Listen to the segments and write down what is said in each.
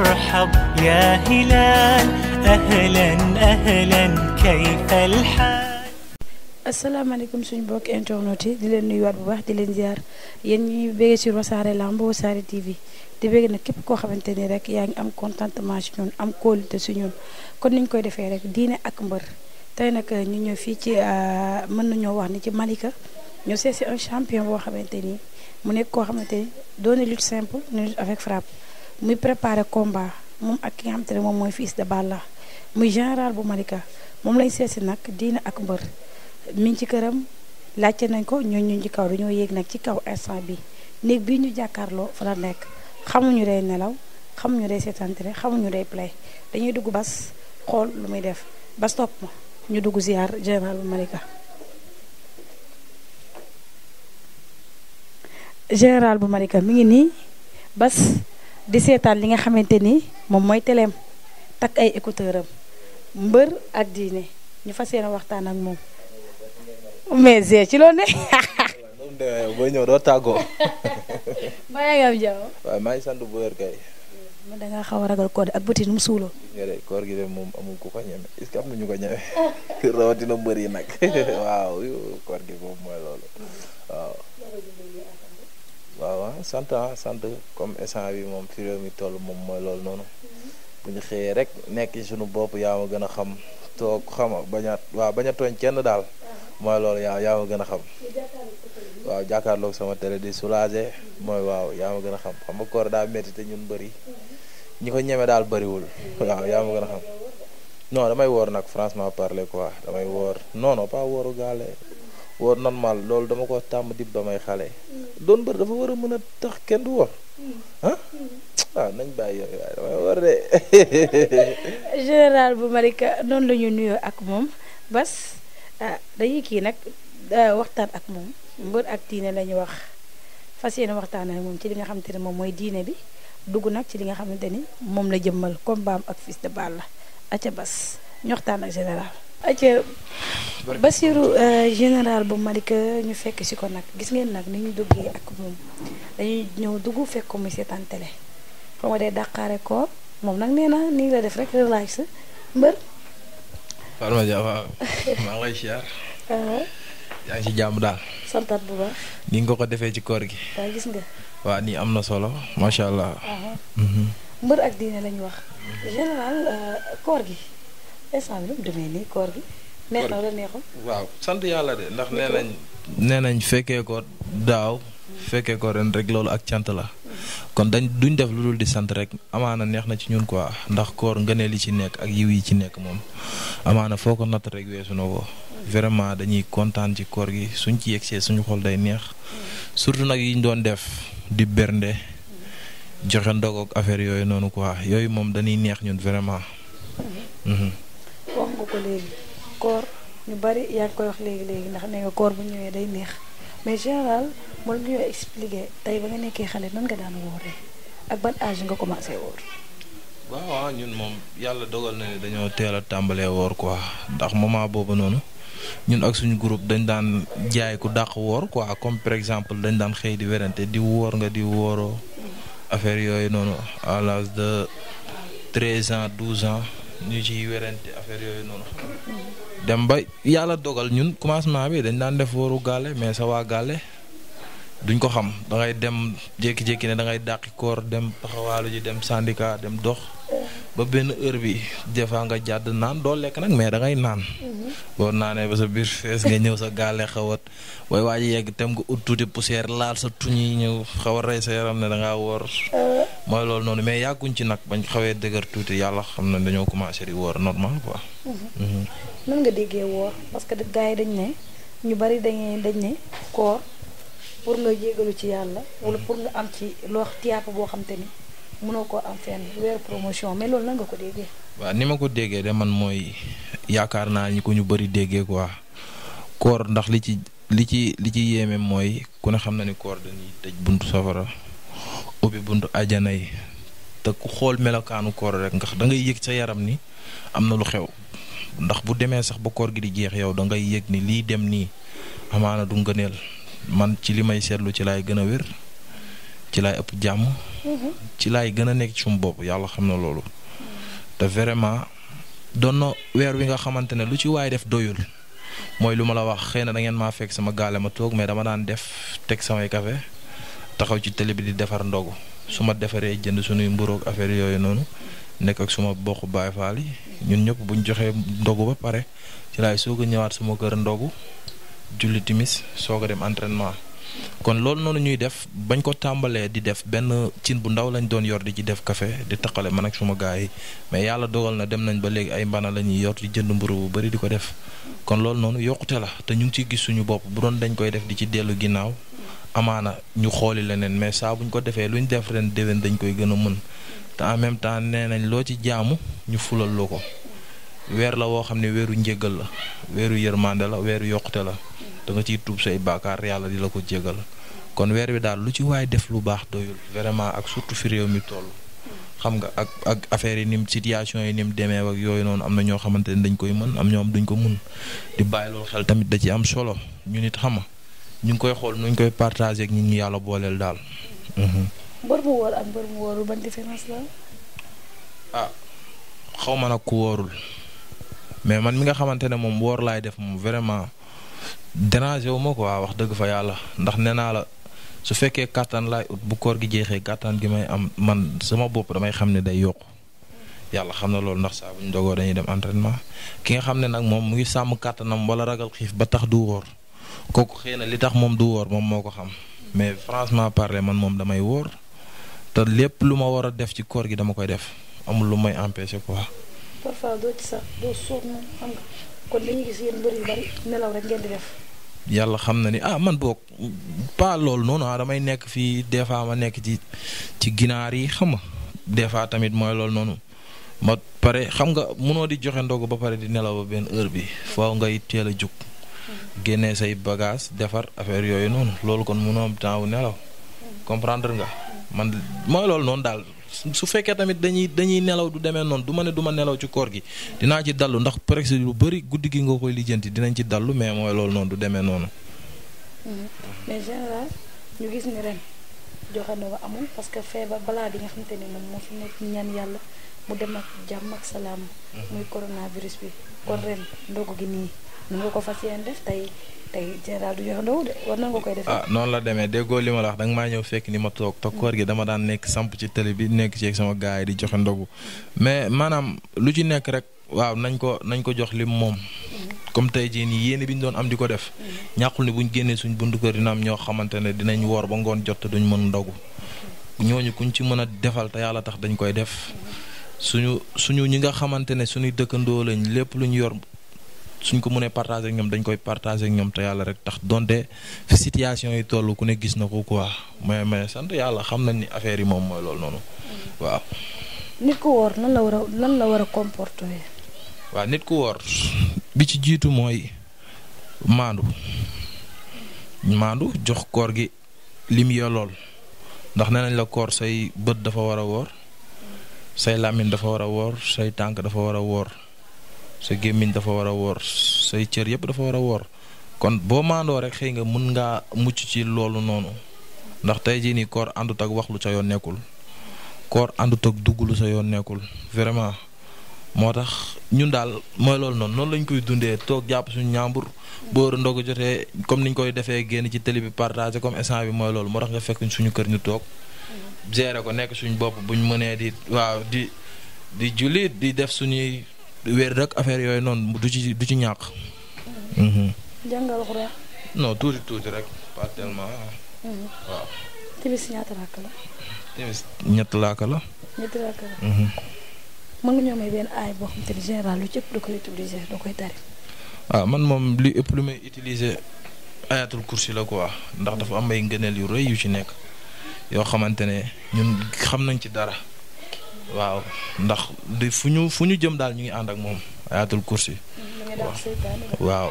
وارحب يا هلال أهلا أهلا كيف الحال asalaamaaleykum suñu mbokki internet yi di leen nuyuwaat bu baax di leen jaar yéen ñuy béggee sur wasaare lamb wasaare TV di bégg nag képp koo xamante ni rek yaa ngi am contentement si ñun am kóolute si kon niñ koy defee rek diine ak mbër tey nag euh, ñu ñëw fii ci euh, mën nañoo wax ni ci Malika ñu seet si un champion boo xamante ni mu nekk koo xamante ni doon lutte simple ñu avec frappe. muy préparé combat moom ak ki nga xam te ne moom mooy fils de Balla muy général bu Malika moom lañ si nag diina ak mbër mi ngi ci këram laajte nañ ko ñooñ ñu ci kaw dañoo yéeg nag ci kaw instant bi néeg bii ñu jàkkaarloo fa la nekk xamuñu day nelaw xamuñu day seetantere xamuñu day play dañuy dugg bas xool lu muy def bas topp ma ñu dugg ziar général bu Malika général bu Malika mi ngi nii bas di seetaan li nga xamante ni moom mooy teleem takk ay écouteur am mbër ak diine ñu fas yéene waxtaan ak moom mais c'est ci loolu ne. booy ñëw doo tàggoo. maa maa ngi sant bu wér man da ngaa xaw a ragal koor ak bëti nu mu suuloo. koor gi de moom amul ku ko ñeme est-ce que na ñu ko ñeme rawatina mbër yi nag waaw koor gi moom mooy loolu. waaw waaw sant ah sant comme instant bi moom fi mi toll moom mooy loolu noonu. Mhm. bu ñu xëyee rek nekk ci suñu bopp yaa a gën a xam toog xama a waaw bañ a tooñ kenn daal. Ah. mooy loolu yaa yaa ma gën a xam. waaw jàkkaarloog sama télé di mhm. mooy waaw yaa ma gën a xam xam nga koor daa métti ñun bëri. Mhm. ñi ko ñeme daal bëriwul. waaw yaa ma gën a xam. non damay woor nag franchement parler quoi damay woor noonu non pas wooru gaale woor normal loolu dama ko tàmm dib damay xale. doon mbër dafa war a mën a tax kenn du wor hmm. ah waaw hmm. ah, nañ bàyyi yooyu waaye damay war de général bu Malika noonu lañuy ñu nuyoo ak moom bas ah, dañuy kii nag ah, waxtaan ak moom mbër ak diine la ñu wax fas yéene waxtaan ak moom ci li nga xamante ne moom mooy diine bi dugg nag ci li nga xamante ni moom la jëmmal combat am ak Fils de Balla la aca bas ñu ak général aca Bassirou euh, général bu Malika ñu fekk si ko nag gis ngeen nag ni ñu duggee ak moom dañuy ñëw dugg fekk ko muy seetaan télé xaw ma dee dàqaare ko moom nag nee na nii la def rek relax mbër. Fatma Dia waaw ah yaa ngi ci jàmm daal. santat bu baax. ni nga ko ko defee ci koor gi. waaw gis nga. waa nii am na solo macha allah. Ah mhm. mbër ak diine lañu wax. général euh, koor gi. instant bi neex na wala neexul. waaw sant yàlla de ndax nee nañ. nee nañ fekkee ko daaw. fekkee ko ren rek loolu ak cant la. kon dañ duñ def lu dul di sant rek amaana neex na ci ñun quoi ndax koor ngëneel yi ci nekk ak yiw yi ci nekk moom amaana foo ko natt rek weesu na ko. vraiment dañuy kontaan ci koor gi suñ ci yegg yegsee suñu xool day neex. surtout nag yi ñu doon def di bernde. joxe ndogoog affaire yooyu noonu quoi yooyu moom dañuy neex ñun vraiment. Mm-hmm. Mm-hmm. léegi ñu bari yaa ngi koy wax léegi léegi ndax nee nga koor bu ñëwee day neex mais général moom ñu expliqué tey ba nga nekkee xale nan nga daan wóoree ak ban âge nga commencé wóor. waaw ñun moom yàlla dogal na ne dañoo teel a tàmbalee woor quoi ndax moment boobu noonu ñun ak suñu groupe dañ daan jaay ku dàq woor quoi comme par exemple dañ daan xëy di werante di woor nga di wooro mm-hmm. affaire yooyu noonu à l'âge de treize ans douze ans. ñu ci werante affaire yooyu noonu xam dem ba yàlla dogal ñun commencement bi dañ daan def waru gaale mais sa waa gaale duñ ko xam da ngay dem jékki-jékki ne da ngay dàqi koor dem taxawaalu ji dem syndicat dem dox ba benn heure bi des fois nga jàdd naan doo lekk nag mais da ngay naan. Mhm. boo naanee ba sa biir fees nga ñëw sa gaale xawat booy waaj yegg tem nga ut tuuti poussière laal sa tuñ yi ñëw xaw a rey sa yaram ne da woor. Euh. mooy loolu noonu mais yàgguñ ci nag ba xawee dëgër tuuti yàlla xam na dañoo commencé di woor normal quoi. Mhm. Mhm. nan nga déggee woor parce que gars yi dañ ne ñu bari dañ dañ ne koor pour nga jégalu ci yàlla. wala pour nga am ci loo tiyaat boo xam te mënoo ko am fenn weer promotion mais loolu nga ko déggee. waaw ni ma ko déggee de man mooy yaakaar naa ñi ko ñu bari déggee quoi koor ndax li ci li ci li ci yéeme mooy ku ne xam na ni koor dañuy tëj buntu safara ubbi buntu ajana yi te ku xool melokaanu koor rek ndax dangay ngay yëg sa yaram ni am na lu xew ndax bu demee sax ba koor gi di jeex yow da ngay yëg ni lii dem nii amaana du ngëneel man ci li may seetlu ci laay gën a wér ci lay ëpp jàmm. ci laay gën a nekk ci suma bopp yàlla xam na loolu. te vraiment doon na weer wi nga xamante ne lu ci waay def doyul. mooy lu ma la wax xëy na da ngeen maa fekk sama gaale ma toog mais dama daan def teg samay café taxaw ci télé di defar ndogu su ma defaree jënd suñuy mburoog affaire yooyu noonu nekk ak suma bokk Baay Faal yi ñun ñëpp buñ joxee ndogu ba pare ci laay soog a ñëwaat suma kër ndogu julli timis soog a dem entraînement. kon loolu noonu ñuy def bañ ko tàmbalee di def benn cin bu ndaw lañ doon yor di ci def kafe di taqale man ak suma gars yi mais yàlla dogal na dem nañ ba léegi ay mbana la ñuy yor di jënd mburu bu bari di ko def kon loolu noonu yokkute la te ñu ngi ciy gis suñu bopp bu doon dañ koy def di ci dellu ginnaaw amaana ñu xooli leneen mais saa buñ ko defee luñ def ren déwén dañ koy gën a mën te en même temps nee nañ loo ci jaamu ñu fulal loo ko weer la woo xam ne weeru njéggal la weeru yërmande la weeru yokkute la da nga ciy tuub say baakaar yàlla di la ko jégal kon weer wi daal lu ci waay def lu baax doyul vraiment ak surtout fi réew mi toll. xam nga ak ak affaire yi ni mu situation yi ni mu demee ak yooyu noonu am na ñoo xamante ne dañ koy mën am ñoo am duñ ko mun di bàyyi loolu xel tamit da ci am solo ñu nit xama ñu ngi koy xool nuñ koy partagé ak ñun ñu yàlla booleel daal. Mhm. mbër bu wóor ak mbër bu ah xaw ma nag ku wóorul mais man mi nga xamante ne moom woor laay def moom vraiment. déranger wu ma quoi wax dëgg fa yàlla ndax nee naa la su fekkee kattan laay ut bu koor gi jeexee kàttan gi may am man sama bopp damay xam ne day yokk yàlla xam na loolu ndax saa bu ñu dogoo dañuy dem entraînement ki nga xam ne nag moom mu ngi sàmm kattanam wala ragal xiif ba tax du wóor kooku xëy na li tax moom du woor moom moo ko xam mais franchement parler man moom damay wóor te lépp lu ma war a def ci koor gi dama koy def amul lu may empêcher quoi. parfois kon dañuy gis yéen mbër bari nelaw rek ngeen di def. yàlla xam na ni ah man boog pas lool noonu ah damay nekk fii des fois ma nekk ci ci ginaar yi xam nga des fois tamit mooy lool noonu ma pare xam nga mënoo di joxe ndog ba pare di nelaw ba benn heure bi foo ngay teel a jóg. Hmm. génnee say bagage defar affaire yooyu noonu loolu kon mënoo am temps wu nelaw hmm. comprendre nga hmm. man mooy loolu noonu daal su fekkee tamit dañuy dañuy nelaw du demee noonu du ma ne du ma nelaw ci koor gi dinaa ci dallu ndax presque lu bëri guddi gi nga koy lijjanti dinañ ci dallu mais mooy lool noonu du demee noonu. Mm-hmm. mais général ñu gis ni ren joxe na ko amul parce que feebar balaa bi nga xamante ne moom moo fi nekk ñaan yàlla mu dem ak jàmm ak salaam. Mm-hmm. muy coronavirus bi kon ren ndogu gi nii nu nga ko fas yéene def tey. tey général ah noonu la demee déggoo li ma la wax danga maa ñëw fekk ni ma toog te gi dama daan nekk samp ci télé bi nekk ci sama yi di joxe ndogu mais maanaam lu ci nekk rek waaw nañ ko nañ ko jox lim moom. comme tey jii nii yéene bi ñu doon am di ko def. ñàkkul ne buñ génnee suñ buntu kër dina am ñoo xamante ne dinañ woor ba ngoon jot te duñ mën ndogu. ñooñu kuñ ci mën a defal te yàlla tax dañ koy def. suñu suñu ñi nga xamante ne suñuy dëkkandoo lañ lépp lu ñu yor suñ ko mënee partager ak ñoom dañ koy partager ak ñoom te yàlla rek tax donte fi situation yi toll ku ne gis na ko quoi mais mais sant yàlla xam nañ ni affaire yi moom mooy loolu noonu. waaw. nit ku wóor la war a lan la war a comporter. nit ku wóor bi ci jiitu mooy maandu maandu jox koor gi lim yolool ndax nee nañ la koor say bët dafa war a wóor say làmmiñ dafa war a wóor say tànk dafa war a wóor. sa gémmiñ dafa war a woor say cër yëpp dafa war a woor kon boo maandoo rek xëy nga mun ngaa mucc ci loolu noonu ndax tey jii nii koor àndut ak wax lu sa yoon nekkul koor àndut ak dugg lu sa yoon nekkul vraiment moo tax ñun daal mooy loolu noonu noonu lañ koy dundee toog jàpp suñu ñaambur booru ndogu jotee comme niñ koy defee génn ci télé bi partagé comme instant bi mooy loolu moo tax nga fekk suñu kër ñu toog mm-hmm. gérer ko nekk suñu bopp buñ mënee di waaw di di jullit di def suñuy. weer rek affaire yooyu noonu du ci du ci ñàkk. Mhm. jàngal alxuraan. tuuti rek pas tellement. Mhm. timis ñaata laaka la. timis mhm. nga ñoo benn aay boo xam te lu ci ëpp da koy utiliser da koy tari. waaw ah, man moom lu ëpp lu may utiliser ayatul kursi la quoi ndax dafa am ay ngëneel yu rëy yu ci nekk yoo xamante ne ñun xam nañ ci dara. waaw ndax di fu ñu jëm daal ñu ngi ànd ak moom ayatul kursi. waaw.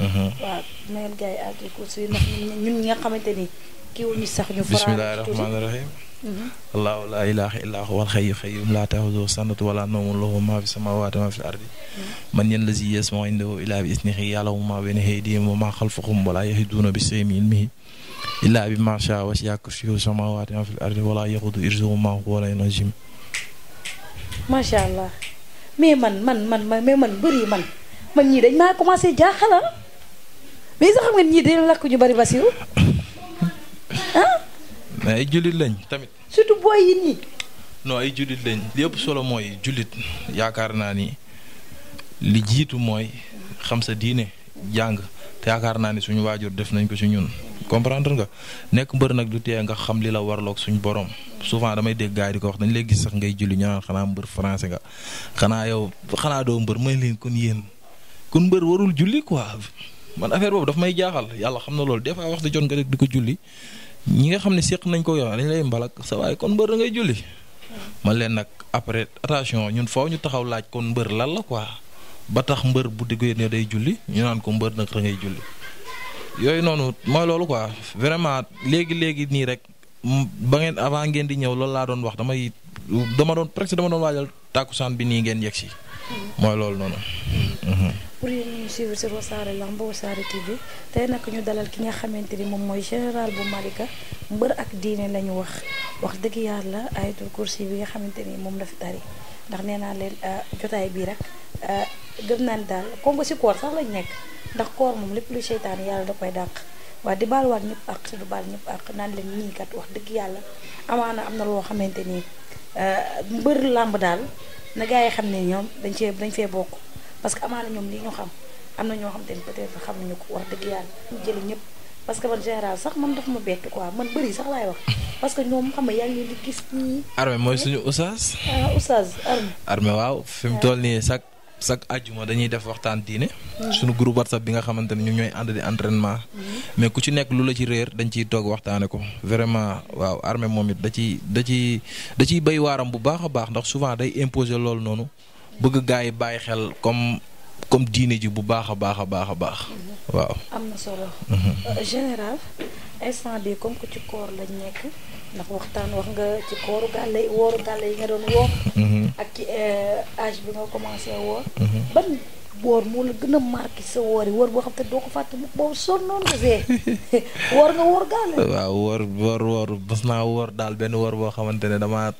Mhm. waaw mel gaay ayatul kursi ndax ñun ñi nga xamante ni kii wu ñu sax ñu. bismillaahi rahmaani rahiim. Mhm. allahu laa ilaaha illaa huwal xayyul laa ta'uuduhu sinatun wa laa nawmun lahu maa fi samaawaati wa maa fi ardi. Mhm. man yazii yasma'u indahu illaa bi iznihi ya'lamu maa bayna aydihim bi shay'in min ilmihi illaa bimaa shaa'a maa fi ardi wa laa yaquuduhu irzuhumaa wa huwal aliyyul macha allah mais man man man mais man bëri man man ñii dañ maa commencé jaaxalal ah. mais sax xam nga ñii dañ lakk ñu bari Basiru ah. mais ay jullit lañ tamit. surtout booy nii. non ay jullit lañ li ëpp solo mooy jullit yaakaar naa ni li jiitu mooy xam sa diine jàng yaakaar naa ni suñu waajur def nañ ko ci ñun. comprendre nga nekk mbër nag du tee nga xam li la warloog suñ borom souvent damay dégg gars yi di ko wax dañ lay gis sax ngay julli ñu naan xanaa mbër français nga xanaa yow xanaa doo mbër may leen kon yéen kon mbër warul julli quoi man affaire boobu daf may jaaxal yàlla xam na loolu des fois wax di jot nga rek di ko julli ñi nga xam ne seq nañ ko yow dañ lay mbalak sa waaye kon mbër da ngay julli. leen nag après attention ñun foo ñu taxaw laaj kon mbër lan la quoi ba tax mbër bu déggee ne day julli ñu naan ko mbër nag da ngay julli. yooyu noonu mooy loolu quoi vraiment léegi léegi nii rek ba ngeen avant ngeen di ñëw loolu laa doon wax damay dama doon presque dama doon waajal tàkkusaan bi nii ngeen yegg si. mooy loolu noonu. Mhm. pour yéen ñuy suivre sur Wassare Lamb Wassare TV tey nag ñu dalal ki nga xamante ni moom mooy général bu Malika mbër ak diine lañu wax wax dëgg yàlla ayatul kursi bi nga xamante ni moom la fi tari ndax nee naa leen ah, jotaay bii rek. Ah, gëm naa ni daal comme que si koor sax lañ nekk ndax koor moom lépp lu seytaane yàlla da koy dàq waaye di baal waat ñëpp àq di baal ñëpp àq naan leen ñii kat wax dëgg yàlla amaana am na loo xamante ni euh, mbër làmb daal nagaa yi xam ne ñoom dañ cee dañ fee bokk parce que amaana ñoom li ñu xam am na ñoo xam te ni peut-être ñu ko wax dëgg yàlla ñu jëli ñëpp parce que man général sax man dafa ma bett quoi man bëri sax laay wax parce que ñoom xam nga yaa ngi leen di gis nii. armée mooy ah, mu toll nii sax. chaque àjjuma dañuy def waxtaan diine. suñu groupe whatsapp bi nga xamante ne ñu ñooy ànd di entraînement. mais ku ci nekk lu la ci réer dañ ciy toog waxtaane ko vraiment waaw armée moom it da ciy da ci da ciy bay waaram bu baax a baax ndax souvent day imposer loolu noonu bëgg gaa yi bàyyi xel comme comme diine ji bu baax a baax a baax a baax waaw. instant bi comme que ci koor lañ nekk ndax waxtaan wax nga ci kooru gàlle wooru gàlle yi nga doon woor mhm. ak ci eh, âge bi nga commencé woor mhm. ban woor woor yi woor boo xam te doo ko fàtte mukk boobu sonnoon nga see woor nga woor gàlle waaw woor woor woor bas naa woor daal benn woor boo xamante ne dama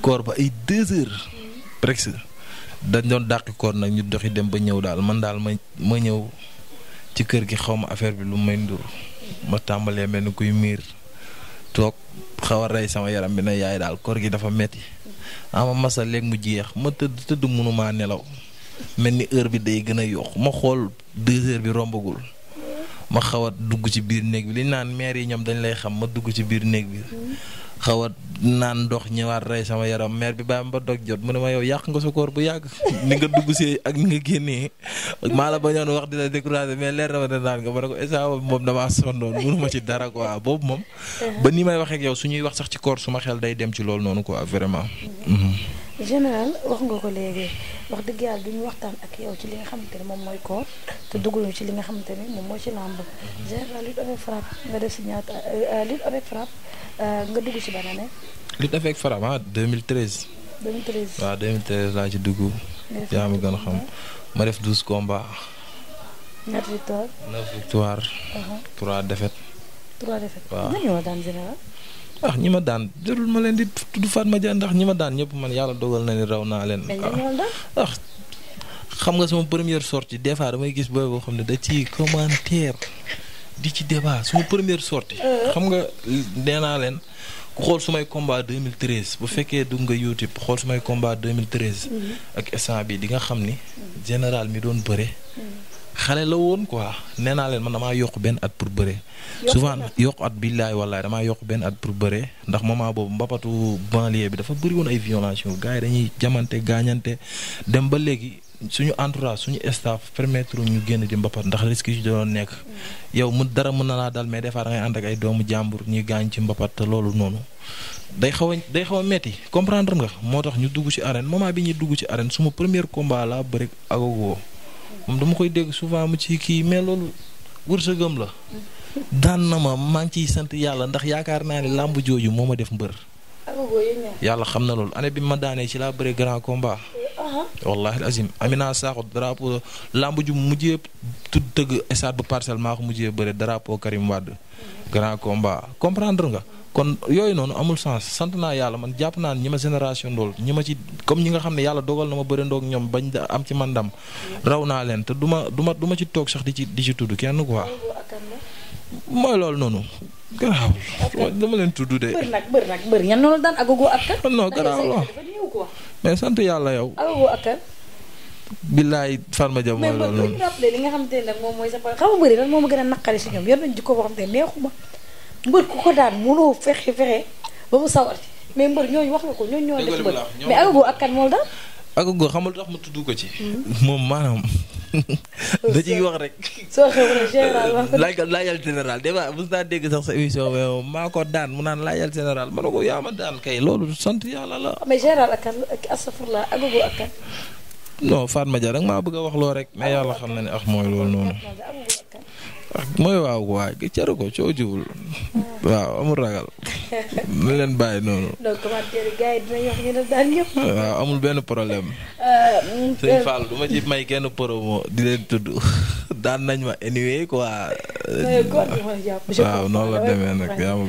koor ba ay deux heures mhm. presque dañ doon dàqi koor nag ñu doxi dem ba ñëw daal man daal ma ma ñëw ci kër gi xaw ma affaire bi lu may ndur ma tàmbalee mel ni kuy miir toog xaw a rey sama yaram bi na yaay daal kor gi dafa metti ama masa léegi mu jeex ma tëdd tëdd mënumaa nelaw mel ni heure bi day gën a yokk ma xool deux heures bi rombagul ma xaw a dugg ci biir néeg bi li naan maire yi ñoom dañ lay xam ma dugg ci biir néeg bi xaw a naan ndox ñëwaat rey sama yaram maire bi bàyyi ba dog jot mu ne ma yow yàq nga sa koor bu yàgg ni nga dugg see ak ni nga génnee maa la bañoon wax di la découragé mais leer na ma ne naan nga ma ne ko instant moom damaa sonnoon mënu ma ci dara quoi boobu moom. Uh-huh. ba ni may waxeek ak yow su ñuy wax sax ci koor su ma xel day dem ci loolu noonu quoi vraiment. Uh-huh. Mm-hmm. général wax nga ko léegi wax dëgg yàlla duñu waxtaan ak yow ci li nga xamante ne moom mooy koor te dugguñu ci li nga xamante ne moom mooy ci làmb général lutte avec frappe nga def si ñaata euh, euh, lutte avec frappe euh, nga dugg si ban année. lutte avec frappe ah 2013. 2013 waaw 2013 laa ci dugg. yaa ma gën a xam ma def 12 combats. ñaata victoire. 9 victoire. 3 défaites. 3 défaites. général. ah ñi ma daan jarul ma leen di tudd ma Dia ndax ñi ma daan ñëpp man yàlla dogal na ni raw naa leen. Ah, ah xam nga sama première sortie des fois damay gis booy boo xam ne da ci commentaire di ci débat sama première sortie euh. xam nga nee naa leen ku xool sumay combat 2013 bu fekkee dugg nga YouTube xool sumay combat 2013. Mhm. ak instant bi di nga xam ni mhm. général mi doon bëre. Mhm. xale la woon quoi nee naa leen man damaa yokk benn at pour bëre. souvent yokk at billaay wallaay damaa yokk benn at pour bëre ndax moment boobu mbapatu banlieue bi dafa bëri woon ay violence gars yi dañuy jamante gaañante dem ba léegi suñu entourage suñu staff permettre ñu génn di mbapat ndax risque yi doon nekk. Mm. yow mu dara mën na laa dal mais des fois da ànd ak ay doomu jàmbur ñuy gaañ ci mbapat te loolu noonu. day xaw a day xaw a metti comprendre nga moo tax ñu dugg ci arène moment bi ñuy dugg ci arène suma premier combat laa bëri woo moom dama koy dégg souvent mu ci kii mais loolu wërsëgam la. daan na ma maa ngi ciy sant yàlla ndax yaakaar naa ne làmb jooju moo ma def mbër. yàlla xam na loolu année bi ma daanee ci laa bëre grand combat. wallahi azim Amina Sakho drapeau làmb ju mujjee tudd tëgg stade bu parcellement maa ko mujjee bëre drapeau Karim wàdd grand combat comprendre nga. kon yooyu noonu amul sens sant naa yàlla man jàpp naa ñi ma génération ndool ñi ma ci comme ñi nga xam ne yàlla dogal na ma bëri ndoog ñoom bañ am ci man ndam raw naa leen te ma du ma ci toog sax di ci di ci tudd kenn quoi. mooy loolu noonu. dama leen tudd de. bër nag bër nag bër ñan noonu daan agogo ak kan. non garaawul mais sant yàlla yow. agogo ak kan. billaay farma jam mooy loolu noonu mais man a ñoom yor nañ jikko boo xam te mbër ku ko daan mënoo fexe fexe ba mu sawar mais mbër ñooñu wax nga ko ñooñu ñoo def mbër mais ma tudd ko ci. Hmm. moom wax rek. soo xewlee dégg sax sa émission maa ko daan mu naan laajal général ma ne ko yaa ma daan kay loolu sant yàlla la. mais général ak kan ak astafurlah Agogo ak kan. non Fatma maa bëgg a wax loo rek. mais yàlla xam na ne ax ah, mooy loolu noonu. mooy waaw waay jaru ko coo jiwul waaw amul ragal. na leen bàyyi noonu. waaw amul benn problème. Euh, sëñ euh, Fall du ma ci may kenn promo di leen tudd daan nañ ma anyway quoi. Euh, waaw noonu la demee nag yaa ma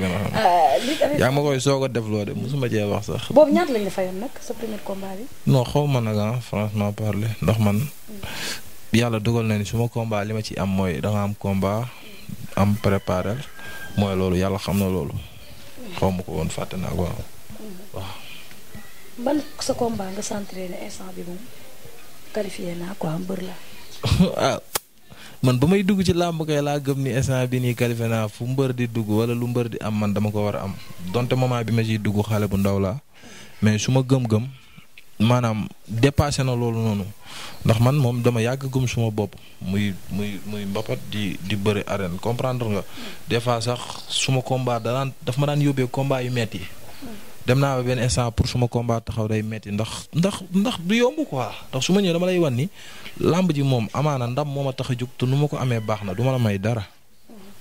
gën koy soog a def loo de mosuma cee wax sax. boobu ñaata xaw ma nag ah franchement parler ndax man. Mm. yàlla dogal na ni suma combat li ma ci am mooy da am combat am préparer mooy loolu yàlla xam na loolu. xaw ma ko woon fàtte naa ko waaw. Mm-hmm. mbër la. Ah, man ba may dugg ci làmb kay laa gëm ni instant bi nii qualifié naa fu mbër di dugg wala lu mbër di am man dama ko war a am donte moment bi ma ciy dugg xale bu ndaw laa mais su gëm-gëm. maanaam dépassé na loolu noonu ndax man moom dama yàgg gëm suma bopp muy muy muy mbapat di di bëri arène comprendre nga des fois sax suma combat danaan daf ma daan yóbbee combat yu metti dem naa ba benn instant pour suma combat taxaw day metti ndax ndax ndax du yomb quoi ndax su ma ñëwee dama lay wan ni làmb ji moom amaana ndam moom a tax a jóg te nu ma ko amee baax na du ma la may dara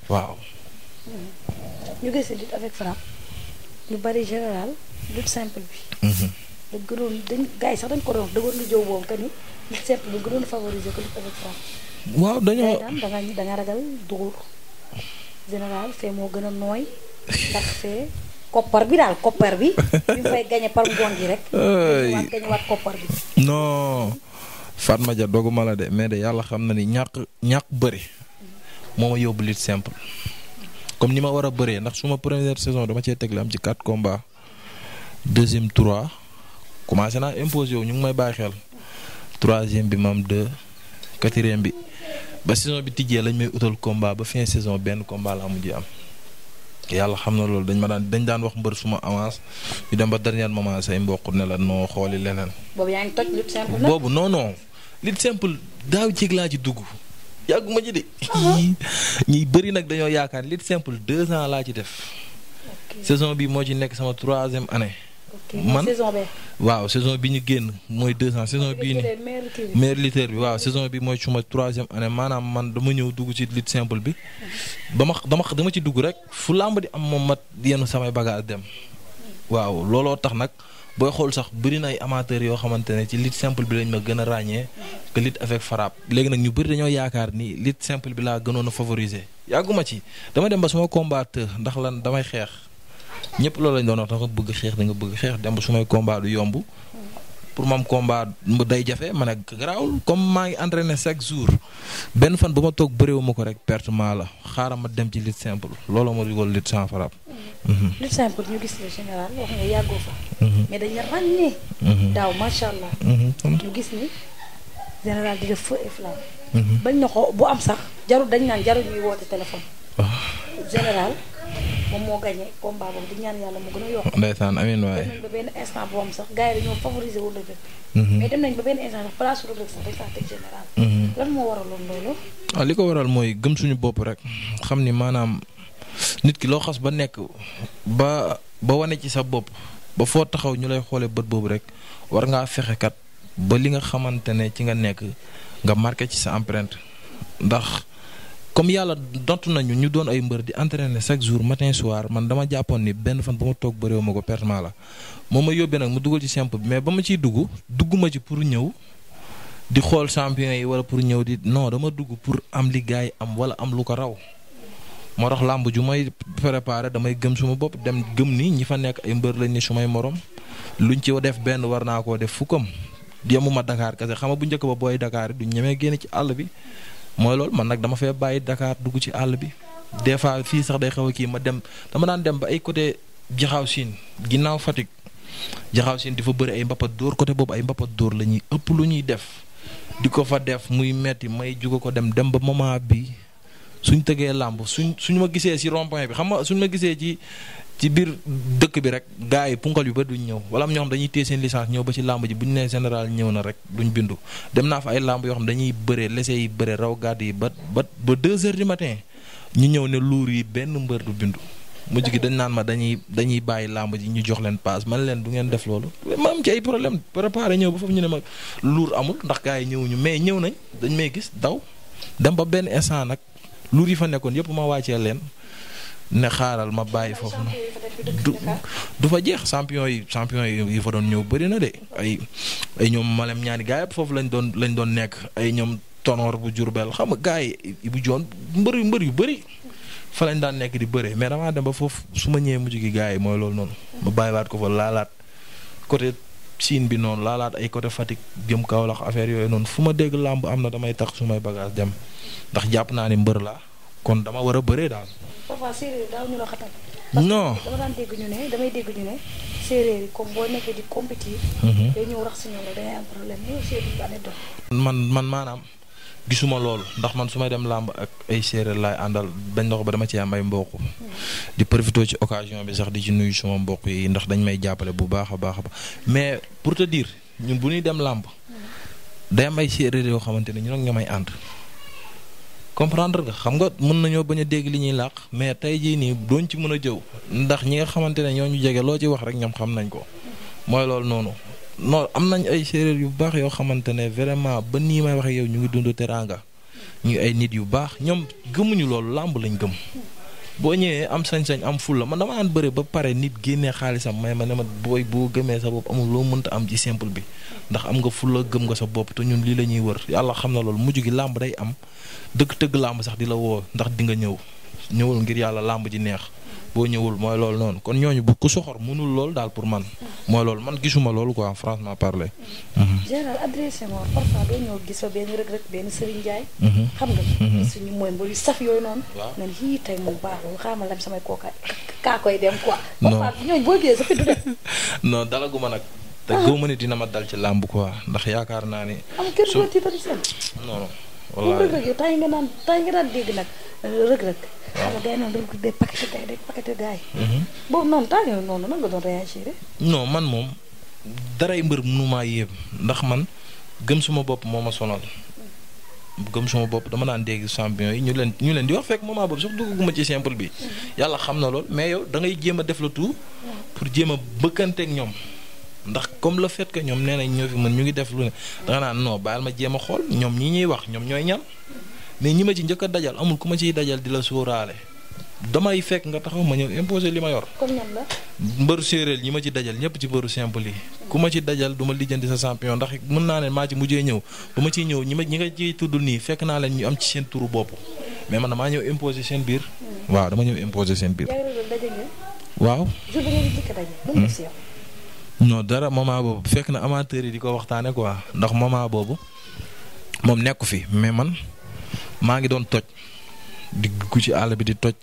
waaw. dañ ko doon sax dañ ko doon dëggoon lu jëw boobu que ni lutte simple dañ ko doon favoriser que lutte avec waaw dañoo da nga ragal dugur général fee moo gën a nooy ndax fee koppar bi daal koppar bi bi mu fay gagné par ngoon gi la de mais de yàlla xam na ni ñàkk ñàkk bëri moo ma yóbbu lutte simple. comme ni ma war a bëree ndax suma première saison dama cee teg la am ci quatre combats deuxième trois. commencé naa imposé wu ñu ngi may bàyyi xel troisième bi maam deux quatrième bi ba saison bi tijjee lañ may utal combat ba fin saison benn combat la mujj am. yàlla xam na loolu dañ ma daan dañ daan wax mbër suma avance ñu dem ba dernier moment say mbokk ne la noo xooli leneen. boobu noonoo ngi toj simple daaw jéeg laa ci dugg. yàgguma ji de. Uh-huh. ñi bëri nag dañoo yaakaar lutte simple deux ans laa ci def. saison bi moo ci nekk sama troisième année. man waaw saison bi ñu génn mooy deux ans saison bii nii meilleur lutteur bi waaw saison bi mooy suma troisième année maanaam man dama ñëw dugg ci lutte simple bi mm. dama dama dama ci dugg rek fu làmb di am moom mat yenn samay bagage dem waaw looloo tax nag booy xool sax bëri na amateurs yoo xamante ne ci lutte simple bi lañ ma gën a ràññee que lutte avec frappe léegi nag ñu bëri dañoo yaakaar ni lutte simple bi laa gënoon a yàgguma ci dama dem ba sama combatteur ndax lan damay xeex ñépp loolu lañ doon wax da nga bëgg xeex da bëgg xeex dem ba su may combat du yomb pour moom combat mu day jafe ma ne comme maa ngi entraîné chaque jour benn fan bu ma toog bëréewu ma ko rek perte maa la xaaral ma dem ci lutte simple loolu ma dugal lutte sans frappe. Mhm. Mhm. lutte simple ñu gis ne général wax nga yàggoo fa. Mhm. mais dañu ràññee. daaw macha allah. ñu gis ni général di def feu et flamme. bañ na ko bu am sax jarul dañ naan jarul ñuy woote téléphone. Ah. moom moo gagné combat boobu mhm. mhm. ah, li ko waral mooy gëm suñu bopp rek xam ni maanaam nit ki loo xas ba nekk ba ba wane ci sa bopp ba foo taxaw ñu lay xoolee bët boobu rek war ngaa fexe kat ba li nga xamante ne ci nga nekk nga marqué ci sa empreinte ndax. comme yàlla dont nañu ñu doon ay mbër di entraîner chaque jour matin soir man dama jàppoon ni benn fan ba ma toog bëréew ma ko pertement la moo ma yóbbee nag mu dugal ci simple bi mais ba ma ciy dugg dugg ma ci pour ñëw di xool champion yi wala pour ñëw di no dama dugg pour am li am wala am lu ko raw moo tax làmb ju may préparé damay gëm suma bopp dem gëm ni ñi fa nekk ay mbër lañ ni sumay morom luñ ci def benn war naa koo def fukkam yemuma Dakar kese xam nga bu njëkk ba booy Dakar du ñemee génn ci àll bi mooy loolu man nag dama fee bàyyi dakaar dugg ci àll bi des fois fii sax day xew a kii ma dem dama daan dem ba ay côté jaxaaw siin ginnaaw Fatick jaxaaw siin di fa bëri ay mbapat dóor côté boobu ay mbapat dóor la ñuy ëpp lu ñuy def di ko fa def muy metti may juga ko dem dem ba moment bi suñ tëgee làmb suñ suñ ma gisee si rond bi xam nga suñ ma gisee ci ci biir dëkk bi rek gars yi punkal yu ba duñ ñëw wala am ñoo xam dañuy téye seen licence ñëw ba ci làmb ji bu ñu nee général ñëw na rek duñ bindu dem naa fa ay làmb yoo xam dañuy bëree lese yi bëree raw gàdd yi ba ba ba deux heures du matin ñu ñëw ne luur yi benn mbër du bindu mujj gi dañ naan ma dañuy dañuy bàyyi làmb ji ñu jox leen paas man leen du ngeen def loolu ma am ci ay problème préparé ñëw ba foofu ñu ne ma luur amul ndax gars yi ñëwuñu mais ñëw nañ dañ may gis daw dem ba benn instant nag luur yi fa nekkoon yëpp ma wàccee leen ne xaaral ma bàyyi foofu na du fa jeex champion yi champion yi fa doon ñëw bëri na de ay ay ñoom malem ñaari gaay foofu lañ doon lañ doon nekk ay ñoom tonoor bu jurbel xam nga gaay yi bu joon mbër yu mbër yu bëri fa lañ daan nekk di bëree mais damaa dem ba foofu su ma ñëwee mujj gi gaay yi mooy loolu noonu ma bàyyiwaat ko fa laalaat côté siin bi noonu laalaat ay côté Fatick jëm Kaolack affaire yooyu noonu fu ma dégg làmb am na damay tax su may bagage dem ndax jàpp naa ni mbër laa kon dama war a bëree daal parfois séeréer daaw non mhm. man man maanaam gisuma loolu ndax man suma dem làmb ak ay séeréer laay àndal bañ na ko ba dama ci am ay mbokk. Hmm. di profité ci occasion bi sax di ci nuyu suma mbokk yi ndax dañ may jàppale bu baax a baax a mais pour te dire ñun bu ñuy dem làmb. Hmm. day am ay séeréer yoo xamante ne ñu ak ñoom may ànd. comprendre nga xam nga mën nañoo bañ a dégg li ñuy làq mais tey jii nii doon ci mën a jëw ndax ñi nga xamante ne ñoo ñu jege loo ci wax rek ñoom xam nañ ko mooy loolu noonu. non am nañ ay séeréer yu baax yoo xamante ne vraiment ba nii may wax yow ñu ngi dund teraanga ñu ay nit yu baax ñoom gëmuñu loolu làmb lañ gëm. boo ñëwee am sañ-sañ am fulla man dama naan bëre ba pare nit génnee xaalisam may ma ne ma booy boo gëmee sa bopp amul loo mënta am ci simple bi ndax am nga fulla gëm nga sa bopp te ñun lii la ñuy wër yàlla xam na loolu mujj gi làmb day am dëgg tëgg làmb sax di la woo ndax di nga ñëw ñëwul ngir yàlla làmb ji neex boo ñëwul mooy loolu noonu kon ñooñu bu ku soxor mënul lool daal pour man mooy loolu man gisuma loolu quoi franchement parler. Mhm. général ma parfois doo xam nga. Mhm. suñu mooy mbalu saf yooyu noonu. waaw nga dalaguma nag. te ah. góob ma dina ma dal ci làmb quoi ndax yaakaar naa ni. am moom rëg-rëg nga naan tay naan dégg nag euh, rëg-rëg xam nga day naan rëg-rëg day paqueté gars mm-hmm. noonu tay noonu man moom daray mbër mënumaa yéem ndax man gëm suma bopp moo ma sonal gëm suma bopp dama daan dégg sambion yi ñu leen ñu leen di wax fekk moment boobu sax dugguma ci simple bi mm-hmm. yàlla xam na lool mais yow dangay jéem a def la tout mm-hmm. pour jéem a bëkkanteeg ñoom ndax comme le fait que ñoom nee nañ ñoo fi man ñu ngi def lu ne danga naan non baal ma jéem a xool ñoom ñi ñuy wax ñoom ñooy ñan mais ñi ma ci njëkk a dajal amul ku ma ciy dajal di la sóoraale damay fekk nga taxaw ma ñëw imposer li ma yor. mbëru séeréer ñi ma ci dajal ñëpp ci mbëru simple yi. ku ma ci dajal duma ma lijjanti sa champion ndax mën naa ne maa ci mujjee ñëw bu ma ciy ñëw ñi ma ñi nga ciy tudd nii fekk naa leen ñu am ci seen turu bopp mais man maa ñëw imposer seen biir. Hmm. waaw dama ñëw imposer seen biir. waaw. non dara moment boobu fekk na amateurs yi di ko waxtaanee quoi ndax moment boobu moom nekku fi mais man maa ngi doon toj di gu ci àll bi di toj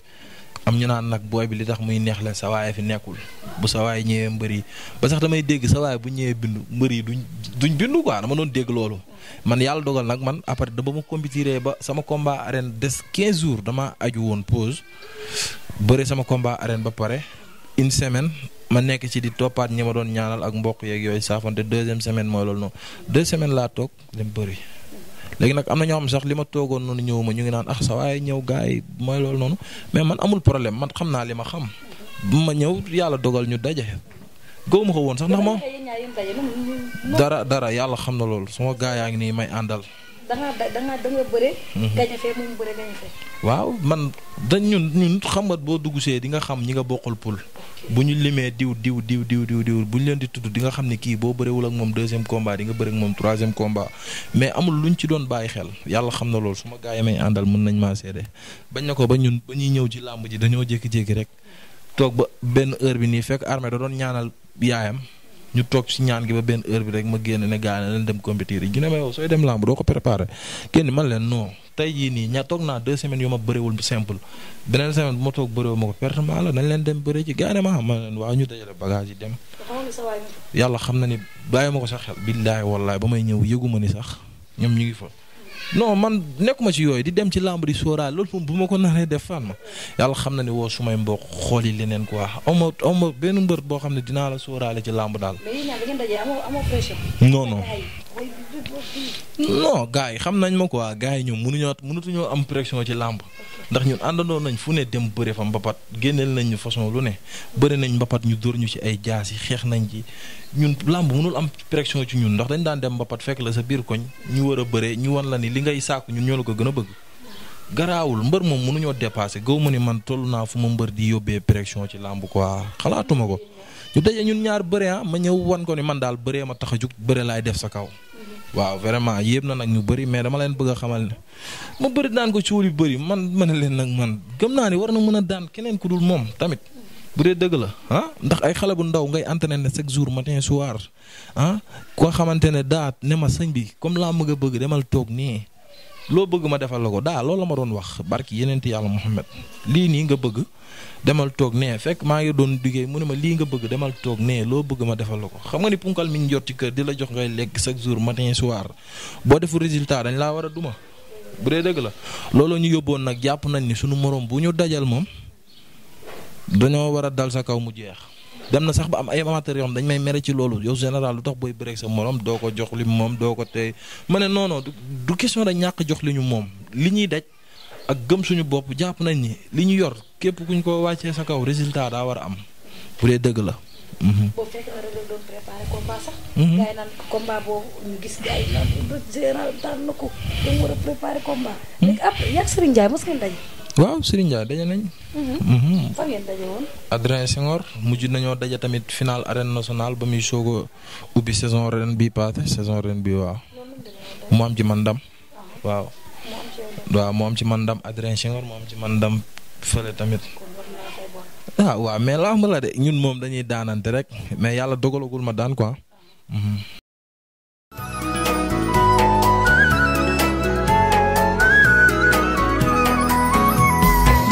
am ñu naan nag booy bi li tax muy neex leen sa fi nekkul bu sa waay ñëwee mbër yi ba sax damay dégg sa waay bu ñëwee bindu mbër yi duñ duñ bindu quoi dama doon dégg loolu. man yàlla dogal nag man après da ba ma compétiré ba sama combat arène des quinze jours dama aju woon pause bëre sama combat arène ba pare une semaine. ma nekk ci di toppaat ñi ma doon ñaanal ak mbokk yeeg yooyu saafante deuxième semaine mooy loolu noonu deux semaines laa toog dem bëri. léegi nag am na ñoo xam sax li ma toogoon noonu ñëwuma ñu ngi naan ah sa waaye ñëw gars yi mooy loolu noonu mais man amul problème man xam naa li ma xam bu ma ñëw yàlla dogal ñu daje. góob ko woon sax ndax moom dara dara yàlla xam na loolu sama gaa yaa ngi nii may àndal. nga mhm. man dañ ñun ñun nga boo dugg see di nga xam ñi nga bokkul pul bu ñu limee diw diw diw diw diw diw bu ñu leen di tudd dinga nga xam ne kii boo bëreewul ak moom deuxième combat di nga bëre ak moom troisième combat mais amul luñ ci doon bàyyi xel yàlla xam na loolu su ma gaa yi may àndal mën nañ maa seede bañ na ko ba ñun ba ñuy ñëw ci làmb ji dañoo jékki-jékki rek toog ba benn heure bi nii fekk armée da doon ñaanal yaayam ñu toog ci ñaan gi ba benn heure bi rek ma génn ne gaa yi leen dem compétir yi ñu ne ma yow sooy dem làmb ko préparé génn man leen non tey jii nii ña toog naa deux semaines yu ma bëriwul simple beneen semaine bu ma toog bëriwul ma ko pertement la nañ leen dem bëri ci gaane ma ma leen waaw ñu dajale bagage yi dem. yàlla xam na ni bàyyi ma ko sax xel. billaahi wallaahi ba may ñëw yëgu ma ni sax ñoom ñu ngi fa. non man nekkuma ci yooyu di dem ci làmb di sóoraale loolu moom bu ma ko naree def fan ma yàlla xam na ne woo sumay mbokk xool yi leneen quoi aw ma benn mbër boo xam ne dinaa la sooraale ci làmb daal. mais non gars yi xam nañ ma quoi gars yi ñoom mënuñoo mënatuñoo am pression ci làmb ndax ñun àndandoo nañ fu ne dem bëre fa mbapat génneel nañ ñu façon lu ne bëre nañ mbapat ñu dóor ñu ci ay jaas yi xeex nañ ci ñun làmb mënul am pression ci ñun ndax dañ daan dem mbapat fekk la sa biir koñ ñu war a bëre ñu wan la ni li ngay sàkku ñun ñoo la ko gën a bëgg. garaawul mbër moom mënuñoo dépassé gaw ma ni man toll naa fu ma mbër di yóbbee pression ci làmb quoi xalaatuma ko. ñu daje ñun ñaar bëre ah, ma ñëw wan ko ni man daal bëree ma tax a jug bëre laay def sa kaw. Mhm. waaw vraiment yéem na nag ñu bëri mais dama leen bëgg a xamal ne ma bëri daan ko cuul yu bëri man ma ne leen nag man gëm naa ni war na mën a daan keneen ku dul moom tamit. bu dee dëgg la ah ndax ay xale bu ndaw ngay entraîné chaque jour matin soir ah ko xamante ne daa ne ma sëñ bi comme laa mëgg a bëgg demal toog nii loo bëgg ma defal la ko daa lool la ma doon wax barki yeneen ti yàlla Muhammad lii nii nga bëgg demal toog nee fekk maa ngi doon liggéey mu ne ma lii nga bëgg demal toog nee loo bëgg ma defal ko xam nga ni punkal mi ñu jot ci kër di la jox ngay lekk chaque jour matin soir boo defu résultat dañ laa war a duma bu dee dëgg la loolu ñu yóbboon nag jàpp nañ ni suñu morom bu ñu dajal moom dañoo war a dal sa kaw mu jeex dem na sax ba am ay amateurs yoo dañ may mere ci loolu yow général lu tax booy bëreeg sa morom doo ko jox li moom doo ko tey ma ne non non du question ñàkk jox li moom li ñuy daj ak gëm suñu bopp jàpp nañ ni li ñu yor képp kuñ ko wàccee sa kaw résultat daa war a am bu dee dëgg la. Mhm. Mhm. boobu fekk na Reug mhm. Reug waaw Serigne Ndiaye daje nañ. Adrien Senghor mujj nañoo daje tamit final arène nationale ba muy soog a ubbi saison ren bi paase saison ren bi waaw. mu am ci man ndam. Ah. waaw. mu am ci man ndam Adrien Senghor mu am ci man ndam fële tamit. ah waaw mais lamb la de ñun moom dañuy daanante rek mais yàlla dogalagul ma daan quoi. Mhm.